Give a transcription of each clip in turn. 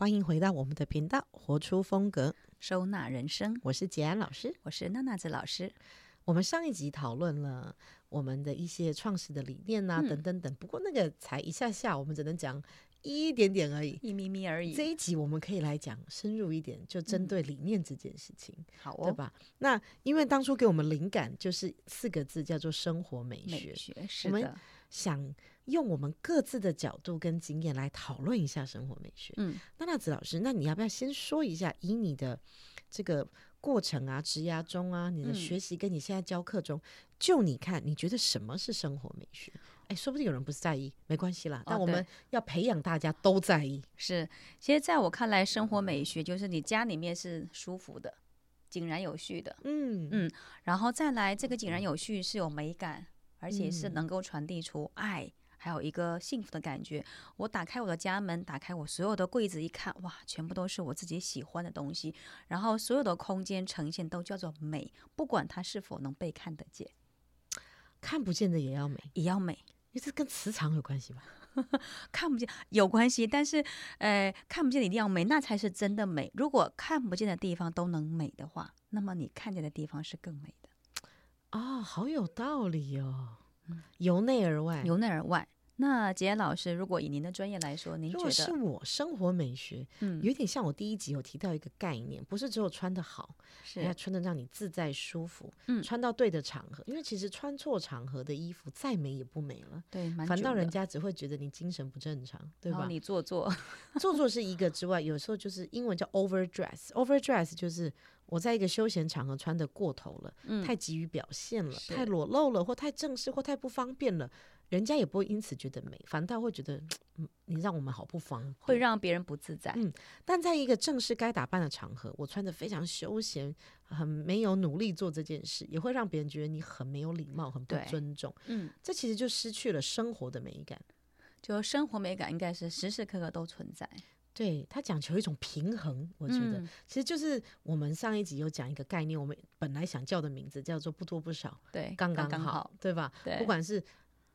歡迎回到我們的頻道《活出風格，收納人生》。我是捷安老師，我是娜娜子老師。我們上一集討論了我們的一些創始的理念吶、啊嗯，等等等。不過那個才一下下，我們只能講一點點而已，一咪咪而已。這一集我們可以來講深入一點，就針對理念這件事情，好、嗯、對吧好，哦。那因為當初給我們靈感就是四個字，叫做生活美學。美學是的我們想，用我們各自的角度跟經驗來討論一下生活美學。嗯，娜娜子老師，那你要不要先說一下，以你的這個過程啊、職涯中啊，你的學習跟你現在教課中，嗯、就你看，你覺得什麼是生活美學？哎，說不定有人不是在意，沒關係啦。但我們要培養大家都在意。哦、是，其實在我看來，生活美學就是你家裡面是舒服的、井然有序的。嗯嗯，然後再來，這個井然有序是有美感，嗯、而且是能夠傳遞出愛。還有一個幸福的感覺。我打開我的家門，打開我所有的櫃子，一看，哇，全部都是我自己喜歡的東西。然後所有的空間呈現都叫做美，不管它是否能被看得見，看不見的也要美，也要美。因為這跟磁場有關係吧？ 看不見有關係，但是，呃，看不見一定要美，那才是真的美。如果看不見的地方都能美的話，那麼你看見的地方是更美的。啊、哦，好有道理喲、哦。由內而外，由內而外。那捷安老師，如果以您的專業來說，您覺得是我生活美學，嗯，有點像我第一集有提到一個概念，不是只有穿得好，是，要穿得讓你自在舒服，嗯，穿到對的場合，因為其實穿錯場合的衣服再美也不美了，對，蠻的，反倒人家只會覺得你精神不正常，對吧？你做作，做作是一個之外， 有時候就是英文叫 overdress，overdress overdress 就是我在一個休閒場合穿得過頭了，嗯，太急於表現了，太裸露了，或太正式，或太不方便了。人家也不會因此覺得美，反倒會覺得，嗯，你讓我們好不方便，會讓別人不自在。嗯，但在一個正式該打扮的場合，我穿着非常休閒，很沒有努力做這件事，也會讓別人覺得你很沒有禮貌，很不尊重。嗯，這其實就失去了生活的美感。就生活美感應該是時時刻刻都存在。對，它講求一種平衡，我覺得，嗯，其實就是我們上一集有講一個概念，我們本來想叫的名字叫做不多不少，對，剛剛好，好，對吧？對，不管是。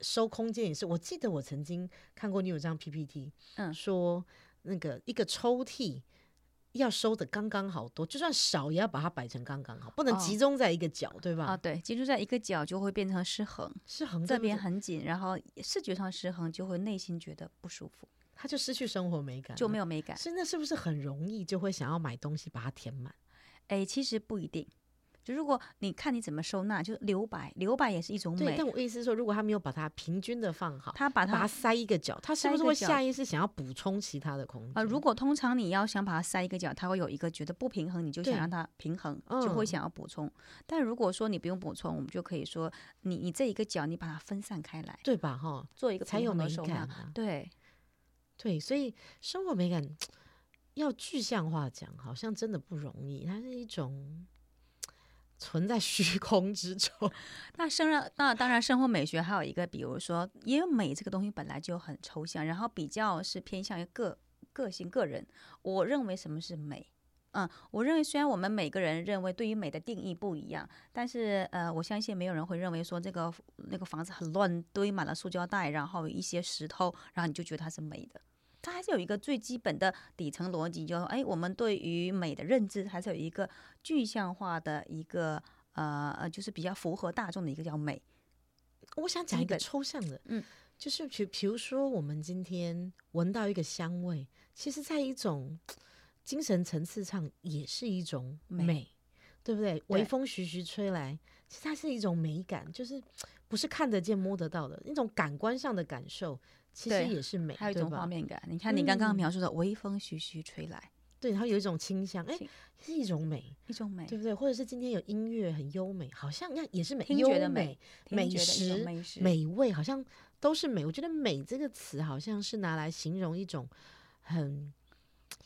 收空間也是，我記得我曾經看過你有這張 PPT，嗯，說那個一個抽屜要收得剛剛好，多，就算少也要把它擺成剛剛好，不能集中在一個角，哦、對吧？啊、哦，對，集中在一個角就會變成失衡，失衡是不是這邊很緊，然後視覺上失衡就會內心覺得不舒服，他就失去生活美感，就沒有美感、啊。所以那是不是很容易就會想要買東西把它填滿？誒、欸，其實不一定。就如果你看你怎麼收納，就留白，留白也是一種美。但我意思是說，如果他沒有把它平均的放好，他把它塞，塞一個角，他是不是會下意識想要補充其他的空間？啊、呃，如果通常你要想把它塞一個角，他會有一個覺得不平衡，你就想讓它平衡，就會想要補充、嗯。但如果說你不用補充，我們就可以說你，你你這一個角你把它分散開來，對吧？哈，做一個才有美感、啊。對，對，所以生活美感要具象化講，好像真的不容易，它是一種。存在虛空之中，那生然，那當然生活美學還有一個，比如說，因為美這個東西本來就很抽象，然後比較是偏向於個個性、個人。我認為什麼是美？嗯，我認為雖然我們每個人認為對於美的定義不一樣，但是呃，我相信沒有人會認為說這個那個房子很亂，堆滿了塑膠袋，然後一些石頭，然後你就覺得它是美的。它還是有一個最基本的底層邏輯，就誒、是哎，我們對於美的認知還是有一個具象化的一個呃呃，就是比較符合大眾的一個叫美。我想講一個抽象的，嗯，就是，比比如說，我們今天聞到一個香味，其實在一種精神層次上也是一種美，美對不對？微風徐徐吹來，其實它是一種美感，就是不是看得見摸得到的那種感官上的感受。其實也是美，還有一種畫面感。你看你剛剛描述的微風徐徐吹來、嗯，對，它有一種清香，哎，是、欸、一種美，一種美，對不對？或者是今天有音樂很優美，好像那也是美，聽覺的美，美，覺得美，美食美味好像都是美。我覺得“美”這個詞好像是拿來形容一種很，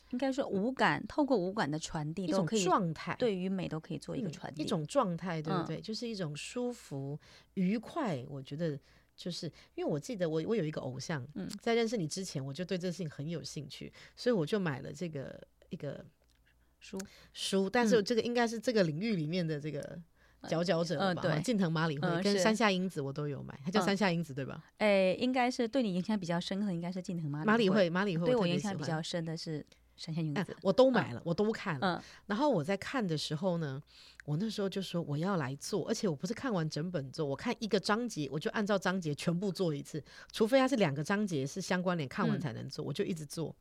應該說五感透過五感的傳遞，都可以一種狀態，對於美都可以做一個傳遞、嗯，一種狀態，對不對、嗯？就是一種舒服、愉快，我覺得。就是因為我記得我我有一個偶像，在認識你之前我就對這個事情很有興趣、嗯，所以我就買了這個一個書書、嗯，但是這個應該是這個領域裡面的這個佼佼者了吧？近藤麻里惠跟山下英子我都有買，他叫山下英子、嗯、對吧？哎、欸，應該是對你影響比較深刻的應該是近藤麻麻里惠，麻里惠對我影響比較深的是山下英子，我都買了，嗯、我都看了、嗯，然後我在看的時候呢。我那時候就說我要來做，而且我不是看完整本做，我看一個章節，我就按照章節全部做一次，除非它是兩個章節是相關聯，看完才能做，嗯，我就一直做。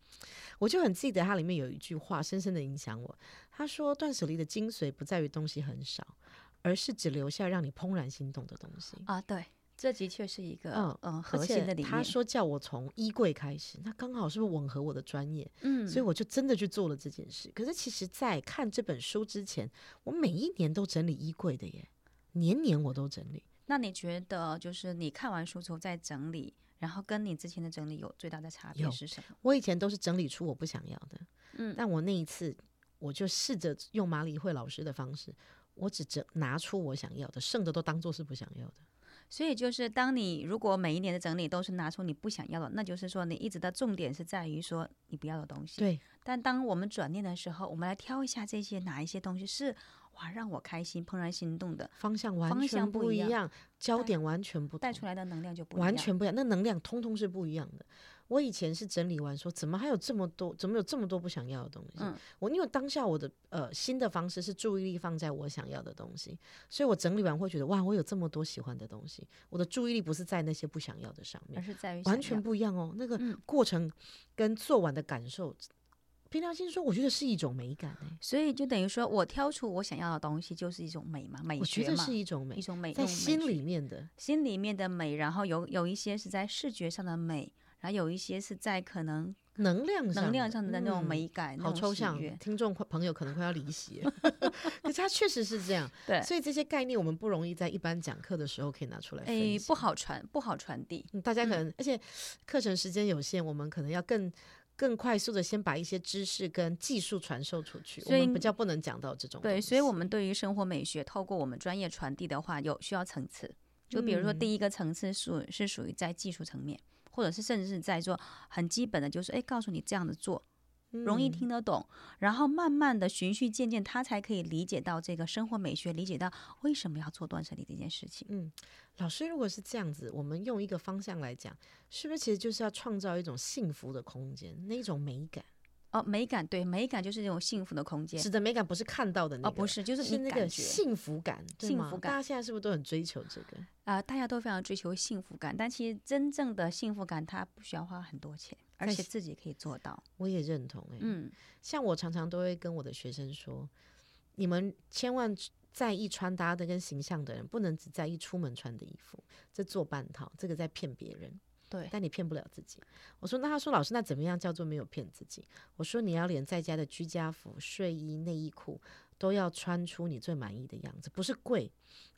我就很記得它裡面有一句話深深的影響我，他說斷捨離的精髓不在於東西很少，而是只留下讓你怦然心動的東西啊，對。這的確是一個嗯，嗯，核心的理念。他說叫我從衣櫃開始，那剛好是不是吻合我的專業？嗯，所以我就真的去做了這件事。可是其實，在看這本書之前，我每一年都整理衣櫃的耶，年年我都整理。那你覺得，就是你看完書之後再整理，然後跟你之前的整理有最大的差別是什麼？我以前都是整理出我不想要的，嗯，但我那一次我就試着用麻理惠老師的方式，我只整拿出我想要的，剩的都當做是不想要的。所以就是，當你如果每一年的整理都是拿出你不想要的，那就是說你一直的重點是在於說你不要的東西。對。但當我們轉念的時候，我們來挑一下這些哪一些東西是哇讓我開心、怦然心動的。方向完全不一樣，焦點完全不。帶出來的能量就不完全不一樣，那能量通通是不一樣的。我以前是整理完說，怎麼還有這麼多？怎麼有這麼多不想要的東西？嗯、我因為當下我的呃新的方式是注意力放在我想要的東西，所以我整理完會覺得哇，我有這麼多喜歡的東西。我的注意力不是在那些不想要的上面，而是在於完全不一樣哦。那個過程跟做完的感受，嗯、平常心說，我覺得是一種美感，欸。所以就等於說我挑出我想要的東西，就是一種美嘛，美學嘛，我覺得是一種，一種美，一種美，在心裡面的，心裡面的美，然後有有一些是在視覺上的美。還有一些是在可能能量上的，嗯、能量上的那種美感，嗯，好抽象，聽眾朋友可能快要離席。 可是他確實是這樣。 對，所以這些概念我們不容易在一般講課的時候可以拿出來，哎，不好傳，不好傳遞。嗯、大家可能、嗯、而且課程時間有限，我們可能要更更快速的先把一些知識跟技術傳授出去，所以我們比較不能講到這種。對，所以我們對於生活美學，透過我們專業傳遞的話，有需要層次，就比如說第一個層次是、嗯、是屬於在技術層面。或者是甚至是在做很基本的，就是哎、欸，告訴你這樣子做，容易聽得懂，嗯、然後慢慢的循序漸進，他才可以理解到這個生活美學，理解到為什麼要做斷捨離這件事情。嗯，老師，如果是這樣子，我們用一個方向來講，是不是其實就是要創造一種幸福的空間，那種美感？哦，美感對，美感就是那種幸福的空間。使得美感不是看到的，那個、哦，不是，就是那個幸福感對，幸福感。大家現在是不是都很追求這個？啊、呃，大家都非常追求幸福感，但其實真正的幸福感，它不需要花很多錢，而且自己可以做到。我也認同、欸，哎，嗯，像我常常都會跟我的學生說，你們千萬在意穿搭的跟形象的人，不能只在意出門穿的衣服，這做半套，這個在騙別人。對，但你騙不了自己。我說，那他說，老師，那怎麼樣叫做沒有騙自己？我說，你要連在家的居家服、睡衣、內衣褲都要穿出你最滿意的樣子，不是貴，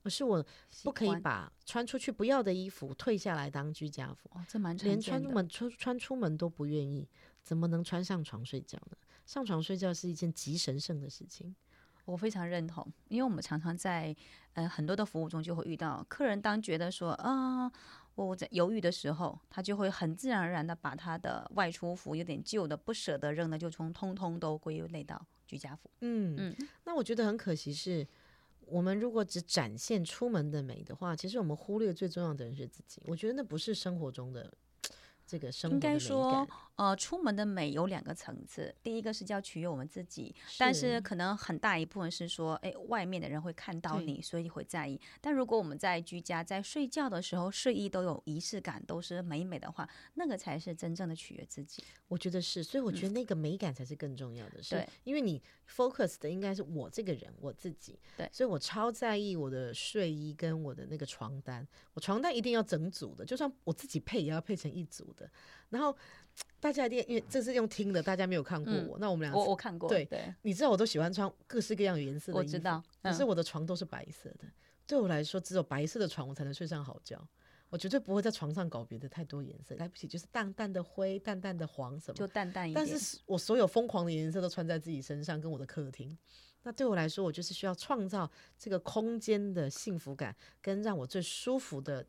而是我不可以把穿出去不要的衣服退下來當居家服。哦、這蠻連穿出門穿出門都不願意，怎麼能穿上床睡覺呢？上床睡覺是一件極神聖的事情，我非常認同。因為我們常常在呃很多的服務中就會遇到客人，當覺得說啊。嗯我在猶豫的時候，他就會很自然而然的把他的外出服有點舊的不舍得扔，的，就從通通都歸類到居家服。嗯嗯，那我覺得很可惜是，是我們如果只展現出門的美的話，其實我們忽略最重要的人是自己。我覺得那不是生活中的這個生活的美感。應該說呃，出門的美有兩個層次，第一個是叫取悅我們自己，但是可能很大一部分是說，哎、欸，外面的人會看到你，所以會在意。但如果我們在居家，在睡覺的時候，睡衣都有儀式感，都是美美的話，那個才是真正的取悅自己。我覺得是，所以我覺得那個美感才是更重要的。嗯、是，因為你 focus 的應該是我這個人，我自己。對，所以我超在意我的睡衣跟我的那個床單，我床單一定要整組的，就算我自己配也要配成一組的，然後。大家一定因為這是用聽的，大家沒有看過我。嗯、那我們倆，我我看過。對對，你知道我都喜歡穿各式各樣的顏色的衣服，我知道、可是我的床都是白色的、嗯。對我來說，只有白色的床我才能睡上好覺。我絕對不會在床上搞別的太多顏色，來不及就是淡淡的灰、淡淡的黃什麼，就淡淡一點。但是我所有瘋狂的顏色都穿在自己身上，跟我的客廳。那對我來說，我就是需要創造這個空間的幸福感，跟讓我最舒服的。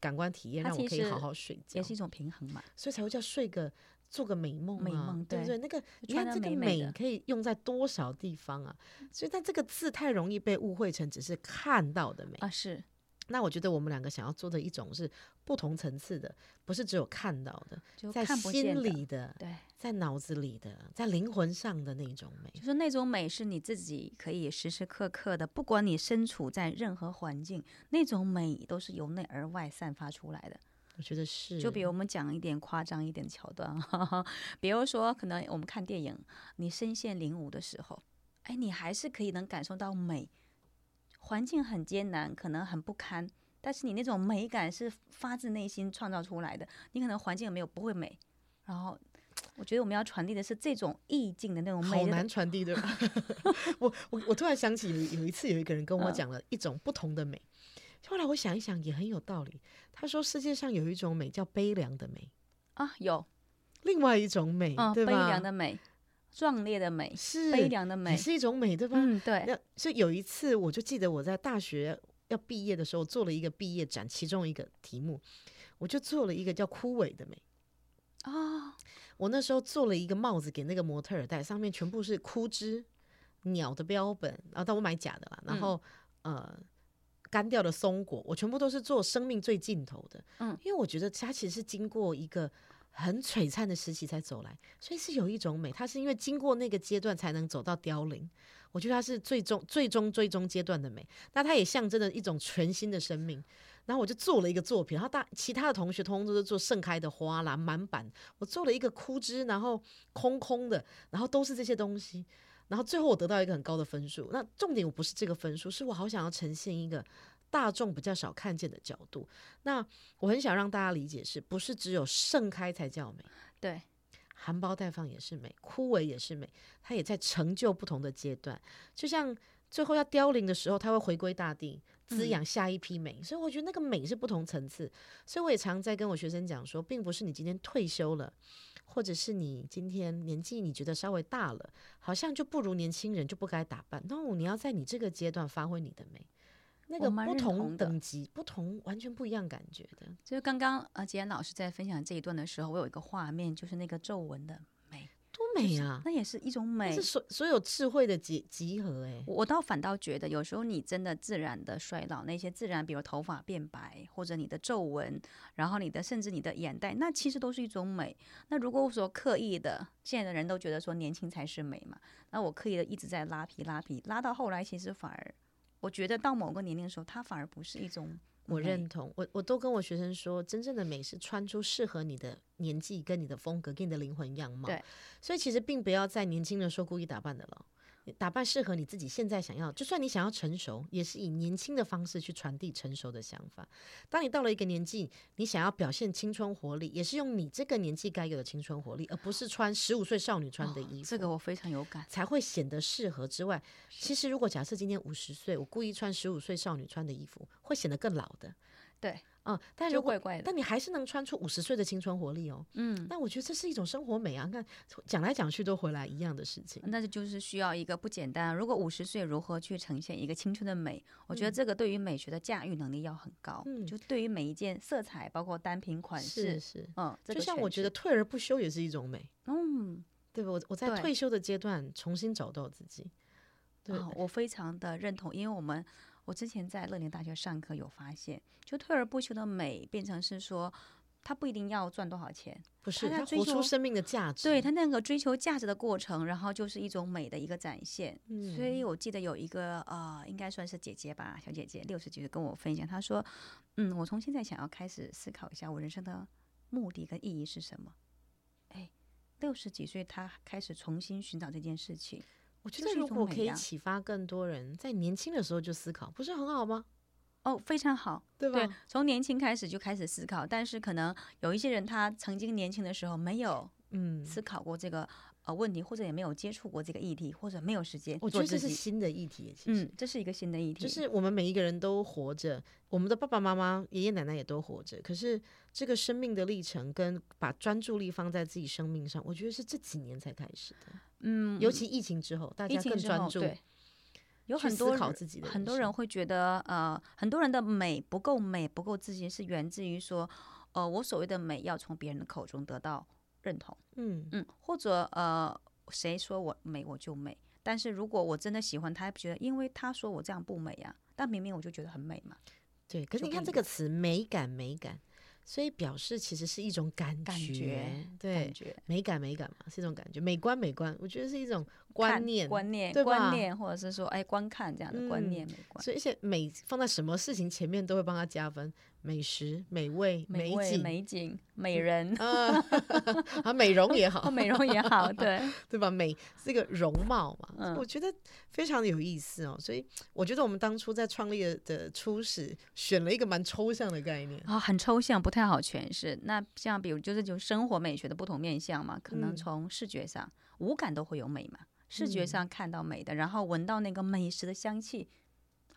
感官體驗，讓我可以好好睡覺，也是一種平衡嘛，所以才會叫睡個、做個美夢啊。美夢，對不對？對，那個，你看這個美可以用在多少地方啊？嗯，所以，但這個字太容易被誤會成只是看到的美啊，是。那我覺得我們兩個想要做的一種是不同層次的，不是只有看到的，就看不見的，在心裡的，對，在腦子裡的，在靈魂上的那種美，就是那種美是你自己可以時時刻刻的，不管你身處在任何環境，那種美都是由內而外散發出來的。我覺得是，就比如我們講一點誇張一點的橋段， 比如說可能我們看電影，你身陷囹圄的時候，哎，你還是可以能感受到美。環境很艱難，可能很不堪，但是你那種美感是發自內心創造出來的。你可能環境有沒有不會美，然後我覺得我們要傳遞的是這種意境的那種美，好難傳遞對吧？ 我我我突然想起有一次有一個人跟我講了一種不同的美、嗯，後來我想一想也很有道理。他說世界上有一種美叫悲涼的美啊，有另外一種美，嗯、對悲涼的美。壯烈的美，是悲涼的美，也是一種美對吧？嗯，對。那所以有一次，我就記得我在大學要畢業的時候，做了一個畢業展，其中一個題目，我就做了一個叫“枯萎的美”。哦。我那時候做了一個帽子給那個模特兒戴，上面全部是枯枝、鳥的標本，然後，啊，但我買假的啦。然後，嗯，呃，乾掉的松果，我全部都是做生命最盡頭的。嗯。因為我覺得它其實是經過一個。很璀璨的時期才走來，所以是有一種美，它是因為經過那個階段才能走到凋零。我覺得它是最終、最終、最終階段的美，那它也象徵着一種全新的生命。然後我就做了一個作品，然後大其他的同學通通都是做盛開的花啦，滿版，我做了一個枯枝，然後空空的，然後都是這些東西，然後最後我得到一個很高的分數。那重點我不是這個分數，是我好想要呈現一個。大眾比較少看見的角度，那我很想讓大家理解是，是不是只有盛開才叫美？對，含苞待放也是美，枯萎也是美，它也在成就不同的階段。就像最後要凋零的時候，它會回歸大地，滋養下一批美。嗯。所以我覺得那個美是不同層次。所以我也常在跟我學生講說，並不是你今天退休了，或者是你今天年紀你覺得稍微大了，好像就不如年輕人就不該打扮。那，No，你要在你這個階段發揮你的美。那個不同等級、同的不同完全不一樣感覺的，就是剛剛啊，捷、呃、安老師在分享這一段的時候，我有一個畫面，就是那個皺紋的美，多美啊，就是！那也是一種美，是所所有智慧的集集合。哎，我倒反倒覺得，有時候你真的自然的衰老，那些自然，比如頭髮變白，或者你的皺紋，然後你的甚至你的眼袋，那其實都是一種美。那如果我說刻意的，現在的人都覺得說年輕才是美嘛，那我刻意的一直在拉皮拉皮，拉到後來，其實反而。我覺得到某個年齡的時候，它反而不是一種我認同。嗯、我我都跟我學生說，真正的美是穿出適合你的年紀、跟你的風格、跟你的靈魂樣貌。對，所以其實並不要在年輕的時候故意打扮的了。打扮適合你自己，現在想要，就算你想要成熟，也是以年輕的方式去傳遞成熟的想法。當你到了一個年紀，你想要表現青春活力，也是用你這個年紀該有的青春活力，而不是穿十五歲少女穿的衣服，哦。這個我非常有感，才會顯得適合之外，其實如果假設今天五十歲，我故意穿十五歲少女穿的衣服，會顯得更老的。對。嗯，但是但你還是能穿出五十歲的青春活力哦。嗯，但我覺得這是一種生活美啊。看，講來講去都回來一樣的事情，那就，就是需要一個不簡單。如果五十歲如何去呈現一個青春的美，嗯，我覺得這個對於美學的駕馭能力要很高。嗯，就對於每一件色彩，包括單品款式，是是，嗯，就像我覺得退而不休也是一種美。嗯，對吧？我我在退休的階段重新找到自己。對，哦，我非常的認同，因為我們。我之前在樂齡大學上課有發現，就退而不休的美變成是說，他不一定要賺多少錢，不是他活出生命的價值，對他那個追求價值的過程，然後就是一種美的一個展現。嗯、所以我記得有一個呃應該算是姐姐吧，小姐姐六十幾歲跟我分享，她說：“嗯，我從現在想要開始思考一下我人生的目的跟意義是什麼。”哎，六十幾歲她開始重新尋找這件事情。我覺得如果可以啟發更多人，啊、在年輕的時候就思考，不是很好嗎？哦，非常好，對吧對？從年輕開始就開始思考，但是可能有一些人他曾經年輕的時候沒有嗯思考過這個。嗯呃、啊，問題或者也沒有接觸過這個議題，或者沒有時間。我覺得這是新的議題，其實、嗯、這是一個新的議題。就是我們每一個人都活着，我們的爸爸媽媽、爺爺奶奶也都活着。可是，這個生命的歷程跟把專注力放在自己生命上，我覺得是這幾年才開始的。嗯，尤其疫情之後，大家更專注。對，有很多人，思考自己的人，很多人會覺得，呃，很多人的美不夠美、不夠自信，是源自於說，呃，我所謂的美要從別人的口中得到。認同，嗯嗯，或者呃，誰說我美我就美，但是如果我真的喜歡他，不覺得因為他說我這樣不美啊。但明明我就覺得很美嘛。對，可是你看這個詞“美感”，美感，所以表示其實是一種感覺，感覺，對，感覺，美感美感嘛，是一種感覺。美觀美觀，我覺得是一種觀念觀念觀念，觀念或者是說哎觀看這樣的觀念。嗯、美觀，所以而且美放在什麼事情前面都會幫他加分。美食、美味、美味、美景、美景、美人啊，嗯、 啊，美容也好， 美容也好，對對吧？美這個容貌嘛、嗯，我覺得非常的有意思哦。所以我覺得我們當初在創立的初始選了一個蠻抽象的概念啊、哦，很抽象，不太好詮釋。那像比如就是就生活美學的不同面向嘛，可能從視覺上、嗯、五感都會有美嘛，視覺上看到美的，嗯、然後聞到那個美食的香氣。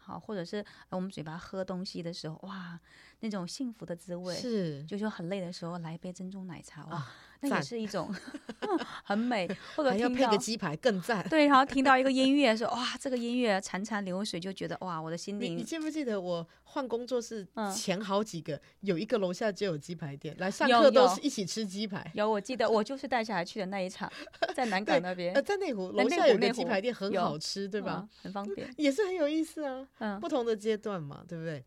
啊，或者是我們嘴巴喝東西的時候，哇，那種幸福的滋味是，就說、是，很累的時候來一杯珍珠奶茶，哇。Oh. 那也是一種、嗯、很美，或 者要配個雞排更讚。 更對，然後聽到一個音樂說：“ 哇，這個音樂潺潺流水，就覺得哇，我的心靈。”你記不記得我換工作室前好幾個，嗯、有一個樓下就有雞排店，來上課都是一起吃雞排有有。有，我記得我就是帶小孩去的那一場， 在南港那邊。呃，在內湖樓下有那雞排店，很好吃，對吧、嗯？很方便，也是很有意思啊。嗯，不同的階段嘛，對不對、嗯？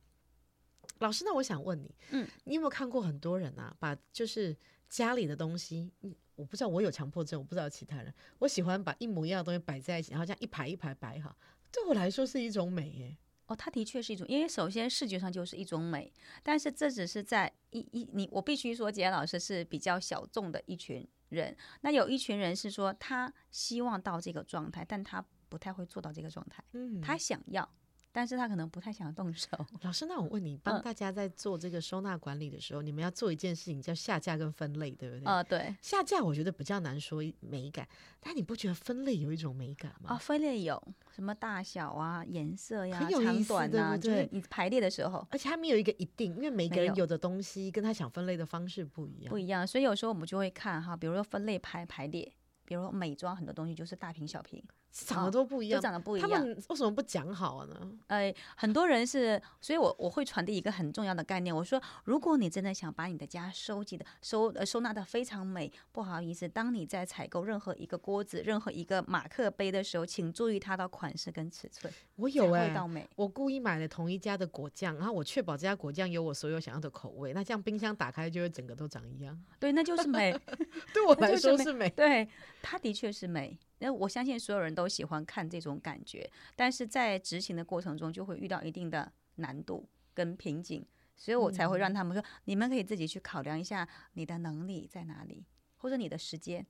老師，那我想問你，嗯，你有沒有看過很多人啊？把就是。家裡的東西，我不知道我有強迫症，我不知道其他人。我喜歡把一模一樣的東西擺在一起，然後像一排一排擺哈，對我來說是一種美、欸、哦。他的確是一種，因為首先視覺上就是一種美，但是這只是在一一你我必須說，捷老師是比較小眾的一群人。那有一群人是說他希望到這個狀態，但他不太會做到這個狀態，嗯，他想要。但是他可能不太想動手。老師，那我問你，幫大家在做這個收納管理的時候、嗯，你們要做一件事情叫下架跟分類，對不對？啊、嗯，對。下架我覺得比較難說美感，但你不覺得分類有一種美感嗎？啊、哦，分類有什麼大小啊、顏色呀、啊、長短啊，對，對，就是、你排列的時候，而且還沒有一個一定，因為每個人有的東西跟他想分類的方式不一樣，不一樣。所以有時候我們就會看哈，比如說分類排排列，比如說美妝很多東西就是大瓶小瓶。長得都不一樣，哦、就長得不一樣。他們為什麼不講好呢？呃、哎，很多人是，所以我我會傳遞一個很重要的概念。我說，如果你真的想把你的家收集的收、呃、收納的非常美，不好意思，當你在採購任何一個鍋子、任何一個馬克杯的時候，請注意它的款式跟尺寸。我有哎、欸，我故意買了同一家的果醬，然後我確保這家果醬有我所有想要的口味。那這樣冰箱打開就會整個都長一樣。對，那就是美。對我來說是美， 就是美，對，它的確是美。那我相信所有人都喜歡看這種感覺，但是在執行的過程中就會遇到一定的難度跟瓶頸，所以我才會讓他們說、嗯，你們可以自己去考量一下你的能力在哪裡，或者你的時間。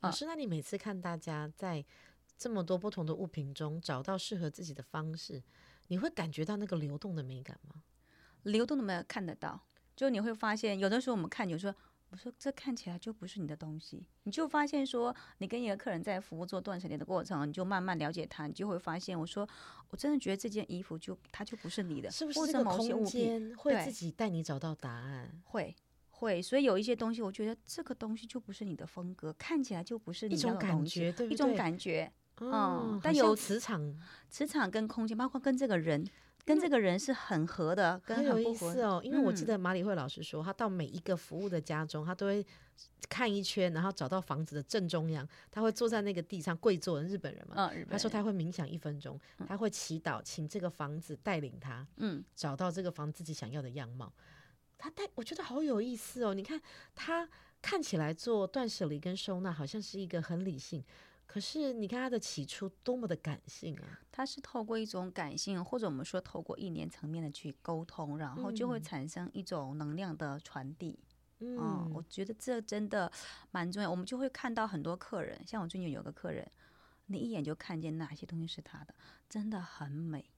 老師，那你每次看大家在這麼多不同的物品中找到適合自己的方式，你會感覺到那個流動的美感嗎？流動的沒有看得到，就你會發現有的時候我們看，有時候。我說這看起來就不是你的東西，你就發現說你跟一個客人在服務做斷捨離的過程，你就慢慢了解他，你就會發現我說我真的覺得這件衣服就它就不是你的，或是不是？空間會自己帶你找到答案，會會。所以有一些東西，我覺得這個東西就不是你的風格，看起來就不是你的東西，一種感覺，對不對？一種感覺，嗯，但、哦、有磁場，磁場跟空間，包括跟這個人。跟這個人是很合的，很、嗯、有意思哦、嗯。因為我記得麻理惠老師說，他到每一個服務的家中，嗯，他都會看一圈，然後找到房子的正中央，他會坐在那個地上跪坐。日本人嘛，哦，他說他會冥想一分鐘，他會祈禱，嗯，請這個房子帶領他，嗯，找到這個房子自己想要的樣貌。嗯，他帶我覺得好有意思哦。你看他看起來做斷捨離跟收納，好像是一個很理性。可是你看他的起初多麼的感性啊！他是透過一種感性，或者我們說透過意念層面的去溝通，然後就會產生一種能量的傳遞。嗯嗯，嗯，我覺得這真的蠻重要。我們就會看到很多客人，像我最近有一個客人，你一眼就看見哪些東西是他的，真的很美，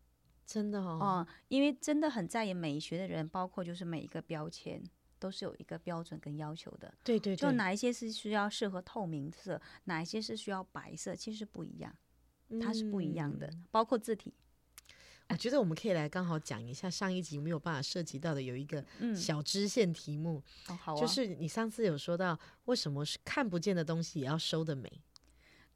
真的哦。嗯，因為真的很在意美學的人，包括就是每一個標籤。都是有一個標準跟要求的，對對,對，就哪一些是需要適合透明色對對對，哪一些是需要白色，其實不一樣，嗯、它是不一樣的、嗯，包括字體。我覺得我們可以來剛好講一下上一集沒有辦法涉及到的有一個小支線題目，嗯、就是你上次有說到為什麼是看不見的東西也要收得美。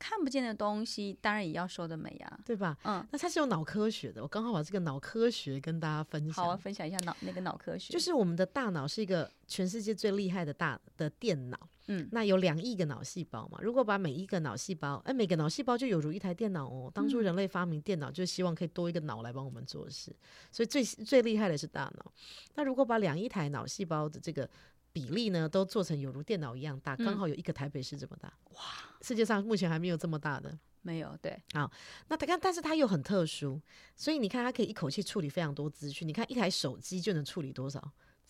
看不見的東西當然也要說得美呀，對吧？嗯，那它是有腦科學的，我剛好把這個腦科學跟大家分享。好好分享一下腦那個腦科學。就是我們的大腦是一個全世界最厲害的大的電腦，嗯，那有兩億個腦細胞嘛？如果把每一個腦細胞，誒、哎，每個腦細胞就有如一台電腦哦。當初人類發明電腦，就希望可以多一個腦來幫我們做事，嗯、所以最最厲害的是大腦。那如果把兩億台腦細胞的這個比例呢，都做成有如電腦一樣大，嗯、剛好有一個台北市這麼大。哇！世界上目前還沒有這麼大的。沒有，對。好，那他看，但是他又很特殊，所以你看他可以一口氣處理非常多資訊。你看一台手機就能處理多少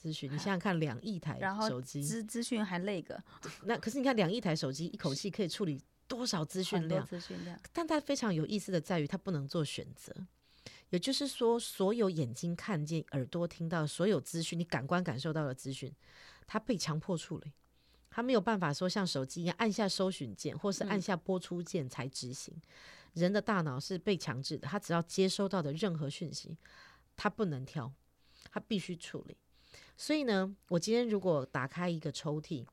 資訊、啊？你想想看，兩億台手機資資訊還累個。那可是你看兩億台手機一口氣可以處理多少資訊量？資訊量。但它非常有意思的在於，它不能做選擇，也就是說，所有眼睛看見、耳朵聽到、所有資訊，你感官感受到的資訊。他被強迫處理，他沒有辦法說像手機一樣按下搜尋鍵或是按下播出鍵才執行。嗯。人的大腦是被強制的，他只要接收到的任何訊息，他不能挑，他必須處理。所以呢，我今天如果打開一個抽屜，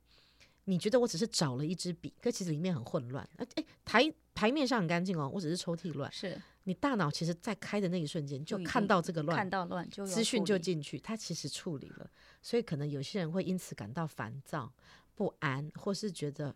你覺得我只是找了一支筆，可其實裡面很混亂。欸，台台面上很乾淨哦，我只是抽屜亂。是，你大腦其實，在開的那一瞬間就看到這個亂，看到亂就資訊就進去，它其實處理了。所以可能有些人會因此感到煩躁、不安，或是覺得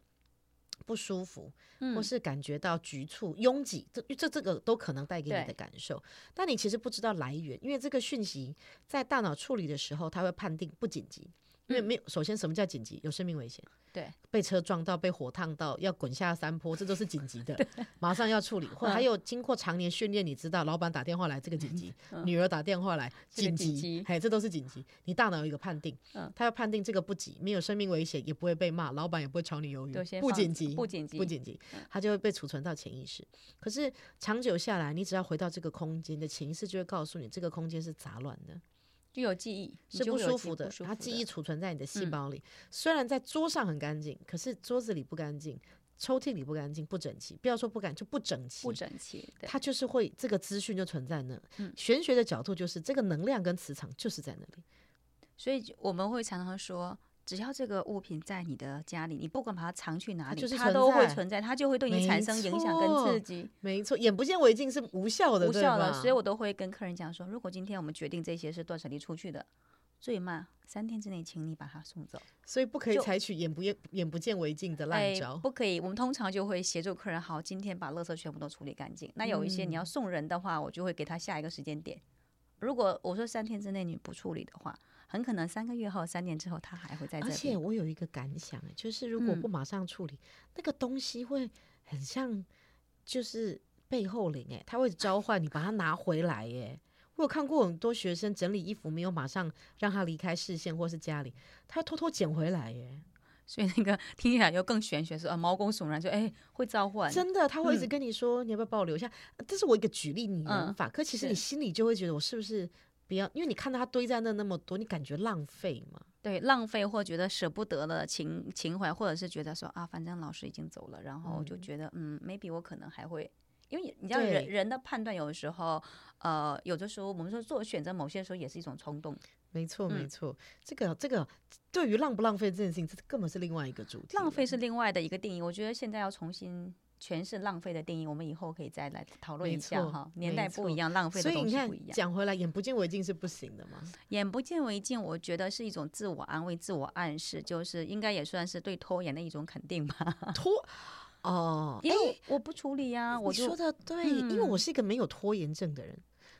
不舒服，嗯、或是感覺到局促、擁擠，這這這個都可能帶給你的感受。但你其實不知道來源，因為這個訊息在大腦處理的時候，它會判定不緊急。因為沒有，首先什麼叫緊急？有生命危險，對，被車撞到，被火燙到，要滾下山坡，這都是緊急的，馬上要處理。或者還有經過長年訓練，你知道，老闆打電話來這個緊急，女兒打電話來緊急，哎，這都是緊急。你大腦有一個判定，他要判定這個不急，沒有生命危險，也不會被罵，老闆也不會炒你魷魚。不緊急，不緊急，不緊急，他就會被儲存到潛意識。可是長久下來，你只要回到這個空間，你的潛意識就會告訴你，這個空間是雜亂的。具有記憶，有記憶是不舒，不舒服的，它記憶儲存在你的細胞裡、嗯。雖然在桌上很乾淨，可是桌子裡不乾淨，抽屜裡不乾淨，不整齊。不要說不乾淨，就不整齊，不整齊，它就是會這個資訊就存在那。嗯、玄學的角度就是這個能量跟磁場就是在那裡，所以我們會常常說，只要這個物品在你的家裡，你不管把它藏去哪裡，它，就是它都會存在，它就會對你產生影響跟刺激。沒錯，眼不見為淨是無效的，無效的。所以我都會跟客人講說，如果今天我們決定這些是斷捨離出去的，最慢三天之內，請你把它送走。所以不可以採取眼不眼眼不見為淨的爛招、欸，不可以。我們通常就會協助客人，好，今天把垃圾全部都處理乾淨。那有一些你要送人的話，嗯、我就會給他下一個時間點。如果我說三天之內你不處理的話，很可能三個月後、三年之後，他還會在這裡。而且我有一個感想，就是如果不馬上處理、嗯、那個東西，會很像就是背後靈哎，他會召喚你把它拿回來哎。我有看過很多學生整理衣服，沒有馬上讓他離開視線或是家裡，他偷偷撿回來耶。所以那個聽起來又更玄學說，說、呃、毛骨悚然，說哎會召喚，真的他會一直跟你說、嗯、你要不要幫我留下？這是我一個舉例擬人法、嗯，可其實你心裡就會覺得我是不是？不要，因為你看到他堆在那那麼多，你感覺浪費嗎？對，浪費或覺得捨不得的情情懷，或者是覺得說啊，反正老師已經走了，然後就覺得嗯、嗯，maybe 我可能還會，因為你、你知道人人的判斷有的時候，呃，有的時候我們說做選擇某些時候也是一種衝動。沒錯，沒錯，嗯，這個這個對於浪不浪費這件事情，這根本是另外一個主題。浪費是另外的一個定義，我覺得現在要重新。全是浪費的定義，我們以後可以再來討論一下哈。年代不一樣，浪費的東西，所以你看不一樣。講回來，眼不見為淨是不行的嘛？眼不見為淨，我覺得是一種自我安慰、自我暗示，就是應該也算是對拖延的一種肯定吧。拖，哦，為、欸欸、我，我不處理啊！你，我就你說的對、嗯，因為我是一個沒有拖延症的人，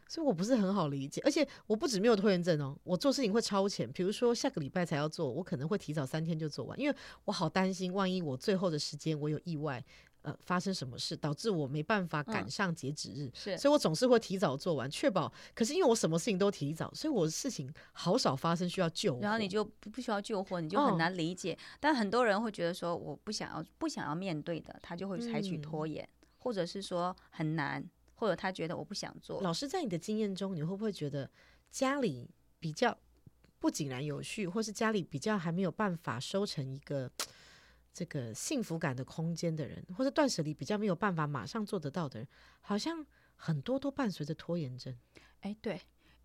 所以我不是很好理解。而且我不止沒有拖延症哦，我做事情會超前，比如說下個禮拜才要做，我可能會提早三天就做完，因為我好擔心萬一我最後的時間我有意外。呃，發生什麼事導致我沒辦法趕上截止日，嗯？是，所以我總是會提早做完，確保。可是因為我什麼事情都提早，所以我事情好少發生需要救。然後你就不不需要救火，你就很難理解。哦，但很多人會覺得說，我不想要，不想要面對的，他就會採取拖延，嗯，或者是說很難，或者他覺得我不想做。老師在你的經驗中，你會不會覺得家裡比較不井然有序，或是家裡比較還沒有辦法收成一個？這個幸福感的空間的人，或者斷捨離比較沒有辦法馬上做得到的人，好像很多都伴隨着拖延症。哎，對。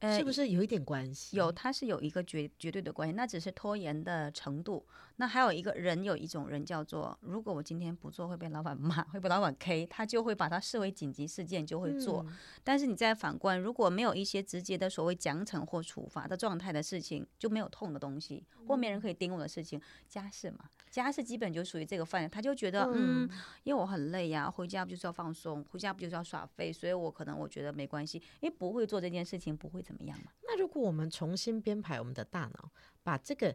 是不是有一點關係？欸、有，他是有一個絕絕對的關係，那只是拖延的程度。那還有一個人有一種人叫做，如果我今天不做會被老板罵，會被老板 K，他就會把它視為緊急事件，就會做。嗯、但是你再反觀，如果沒有一些直接的所謂獎懲或處罰的狀態的事情，就沒有痛的東西，後面人可以盯我的事情，嗯，家事嘛，家事基本就屬於這個範圍。他就覺得，嗯，嗯因為我很累呀，回家不就是要放鬆，回家不就是要耍廢。所以我可能我覺得沒關係，因為不會做這件事情不會。怎麼樣？那如果我們重新編排我們的大腦，把這個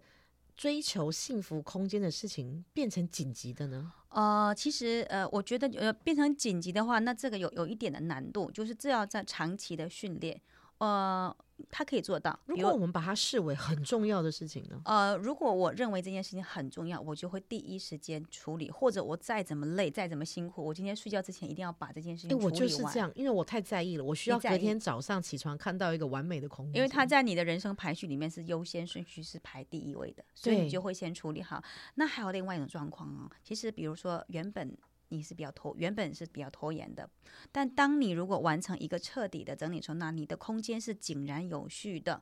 追求幸福空間的事情變成緊急的呢？呃，其實呃，我覺得呃，變成緊急的話，那這個有有一點的難度，就是這要在長期的訓練。呃，他可以做到。如，如果我們把它視為很重要的事情呢？呃，如果我認為這件事情很重要，我就會第一時間處理。或者我再怎麼累，再怎麼辛苦，我今天睡覺之前一定要把這件事情處理完、欸。我就是這樣，因為我太在意了，我需要隔天早上起床看到一個完美的空間。因為他在你的人生排序裡面是優先順序是排第一位的，所以你就會先處理好。那還有另外一種狀況啊，其實比如說原本。你是比較拖，原本是比較拖延的，但當你如果完成一個徹底的整理說那你的空間是井然有序的，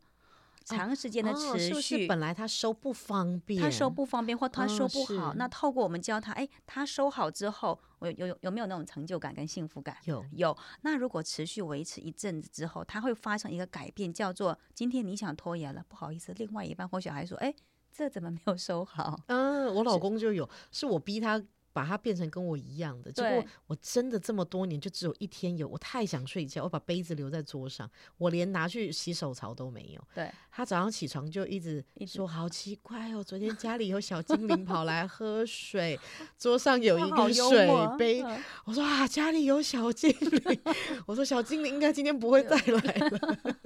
長時間的持續，是、哦哦、持續。本來他收不方便，他收不方便或他收不好、哦，那透過我們教他，哎、欸，他收好之後，我有有有沒有那種成就感跟幸福感？有有。那如果持續維持一陣子之後，它會發生一個改變，叫做今天你想拖延了，不好意思，另外一半或小孩說，哎、欸，這怎麼沒有收好？嗯，我老公就有，是，是我逼他。把它變成跟我一樣的。結果我真的這麼多年就只有一天有，我太想睡覺，我把杯子留在桌上，我連拿去洗手槽都沒有。對，他早上起床就一直說一直好奇怪哦，昨天家裡有小精靈跑來喝水， 桌上有一個水杯。我說啊，家裡有小精靈，我說小精靈應該今天不會再來了。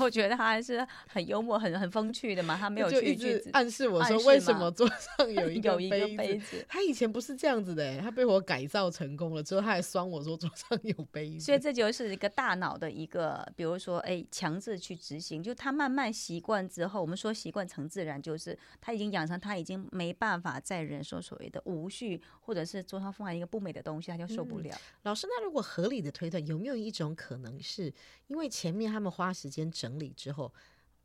我覺得他還是很幽默、很很風趣的嘛，他沒有他就一直暗示我說為什麼桌上有一有一個杯子？他以前不是。是這樣子的、欸，他被我改造成功了之後，他還酸我說桌上有杯。所以這就是一個大腦的一個，比如說，哎、欸，強制去執行，就他慢慢習慣之後，我們說習慣成自然，就是他已經養成，他已經沒辦法再忍受所謂的無序，或者是桌上放了一個不美的東西，他就受不了。嗯、老師，那如果合理的推斷，有沒有一種可能，是因為前面他們花時間整理之後？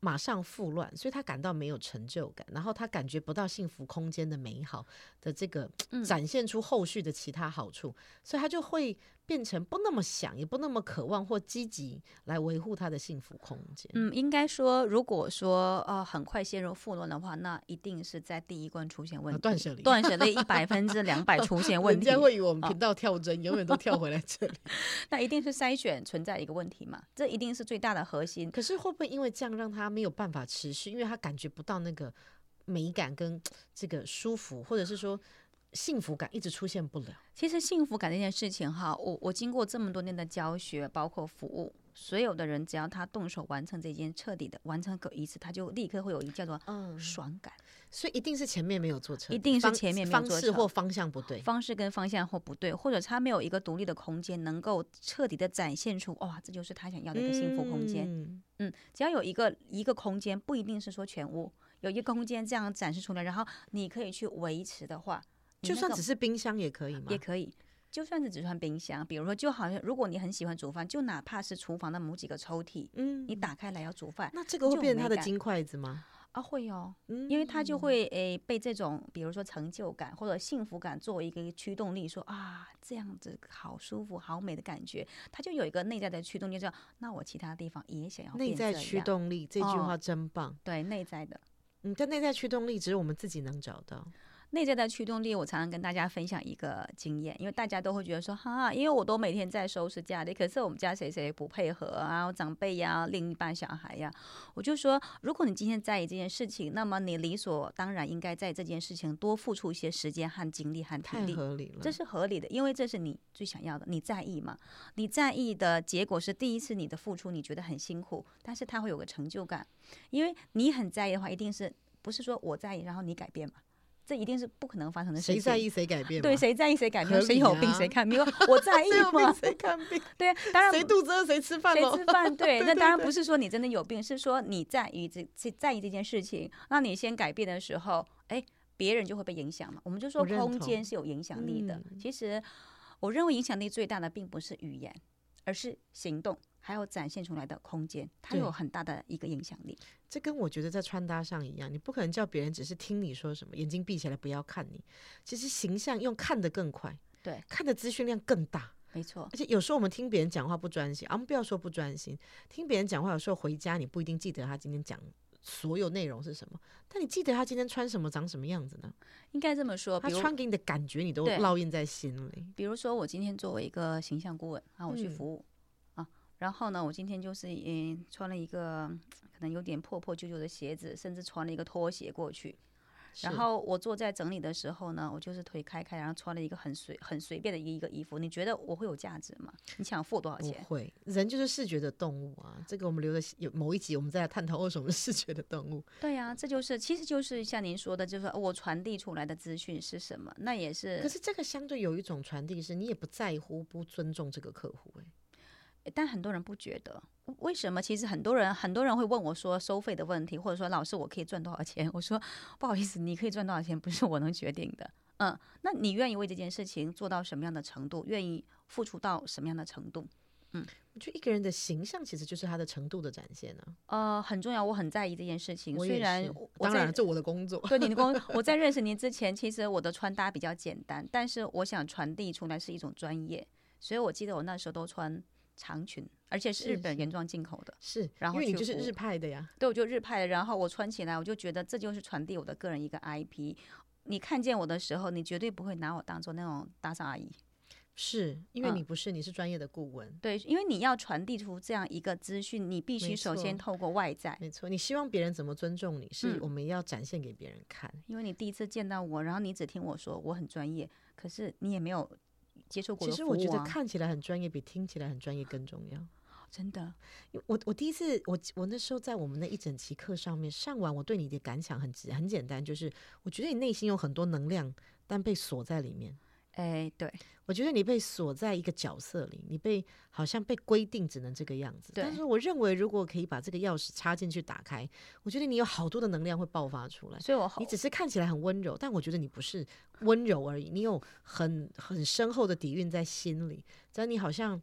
馬上復亂，所以他感到沒有成就感，然後他感覺不到幸福空間的美好的這個、嗯、展現出後續的其他好處，所以他就會。變成不那麼想，也不那麼渴望，或積極來維護他的幸福空間。嗯，應該說，如果說呃很快陷入混亂的話，那一定是在第一關出現問題。斷、啊、捨離，斷捨離一百分之兩百出現問題。人家會以我們頻道跳針、哦，永遠都跳回來這裡。 那一定是篩選存在一個問題嘛，這一定是最大的核心。可是，會不會因為這樣讓他沒有辦法持續，因為他感覺不到那個美感跟這個舒服，或者是說？幸福感一直出現不了。其實幸福感這件事情哈，我我經過這麼多年的教學，包括服務，所有的人只要他動手完成這件徹底的完成個一次，他就立刻會有一個叫做爽感。嗯，所以一定是前面沒有做成，一定是前面沒有做成，方式或方向不對，方式跟方向或不對，或者他沒有一個獨立的空間，能夠徹底的展現出哇，這就是他想要的一個幸福空間。嗯，嗯只要有一個一個空間，不一定是說全屋，有一個空間這樣展示出來，然後你可以去維持的話。那個、就算只是冰箱也可以嗎？也可以，就算是只換冰箱，比如說，就好像如果你很喜歡煮飯，就哪怕是廚房的某幾個抽屜，嗯，你打開來要煮飯，那這個會變成他的金筷子嗎？啊，會哦，嗯、因為他就會誒、呃、被這種比如說成就感或者幸福感作為一個驅動力，說啊這樣子好舒服、好美的感覺，他就有一個內在的驅動力，說那我其他地方也想要一內在驅動力。這句話真棒，哦、對內在的。你、嗯、的內在驅動力只是我們自己能找到。內在的驅動力，我常常跟大家分享一個經驗，因為大家都會覺得說：“哈、啊，因為我都每天在收拾家裡，可是我們家誰誰不配合啊，長輩呀，另一半小孩呀。”我就說，如果你今天在意這件事情，那麼你理所當然應該在這件事情多付出一些時間和精力、和體力，這是合理的，因為這是你最想要的。你在意嘛，你在意的結果是第一次你的付出你覺得很辛苦，但是它會有個成就感，因為你很在意的話，一定是不是說我在意，然後你改變嘛？這一定是不可能發生的事情。誰在意誰改變？對，誰在意誰改變？啊、誰有病誰看病？ 我在意嗎？誰有病誰看病？對，當然。誰肚子餓誰吃飯？誰吃飯，對。那 當然不是說你真的有病，是說你在意這在意這件事情，那你先改變的時候，哎，別人就會被影響嘛。我們就說空間是有影響力的。其實，我認為影響力最大的並不是語言，而是行動。還有展現出來的空間，它有很大的一個影響力。這跟我覺得在穿搭上一樣，你不可能叫別人只是聽你說什麼，眼睛閉起來不要看你。其實形象用看得更快，對，看的資訊量更大，沒錯。而且有時候我們聽別人講話不專心，啊，我們不要說不專心，聽別人講話有時候回家你不一定記得他今天講所有內容是什麼，但你記得他今天穿什麼，長什麼樣子呢？應該這麼說，他穿給你的感覺你都烙印在心裡。比如說我今天作為一個形象顧問，然後我去服務。嗯然後呢，我今天就是已經、嗯、穿了一個可能有點破破舊舊的鞋子，甚至穿了一個拖鞋過去。然後我坐在整理的時候呢，我就是腿開開，然後穿了一個很隨很隨便的一個一個衣服。你覺得我會有價值嗎？你想付多少錢？會，人就是視覺的動物啊。這個我們留的有某一集，我們在探討為什麼視覺的動物。對呀、啊，這就是其實就是像您說的，就是我傳遞出來的資訊是什麼，那也是。可是這個相對有一種傳遞是你也不在乎、不尊重這個客戶、欸但很多人不覺得。為什麼？其實很多人很多人會問我說收費的問題，或者說老師我可以賺多少錢？我說不好意思，你可以賺多少錢不是我能決定的。嗯，那你願意為這件事情做到什麼樣的程度？願意付出到什麼樣的程度？嗯，就一個人的形象其實就是他的程度的展現呢、啊。呃，很重要，我很在意這件事情。雖然我在做我的工作， 對你的工作，我在認識您之前，其實我的穿搭比較簡單，但是我想傳遞出來是一種專業。所以我記得我那時候都穿。長裙，而且是日本原裝進口的，是是然後，是。因為你就是日派的呀，對，我就日派的。然後我穿起來，我就覺得這就是傳遞我的個人一個 IP。你看見我的時候，你絕對不會拿我當做那種搭訕阿姨，是因為你不是、嗯，你是專業的顧問。對，因為你要傳遞出這樣一個資訊，你必須首先透過外在，沒錯。沒錯，你希望別人怎麼尊重你，是我們要展現給別人看。嗯、因為你第一次見到我，然後你只聽我說我很專業，可是你也沒有。接受過，其實我覺得看起來很專業，比聽起來很專業更重要。啊，真的，我我第一次我我那時候在我們那一整期課上面上完，我對你的感想很直，很簡單，就是我覺得你內心有很多能量，但被鎖在裡面。哎、欸，對，我覺得你被鎖在一個角色裡，你被好像被規定只能這個樣子。但是我認為，如果可以把這個鑰匙插進去打開，我覺得你有好多的能量會爆發出來。所以我好，你只是看起來很溫柔，但我覺得你不是溫柔而已，嗯、你有很很深厚的底蘊在心裡，只要你好像。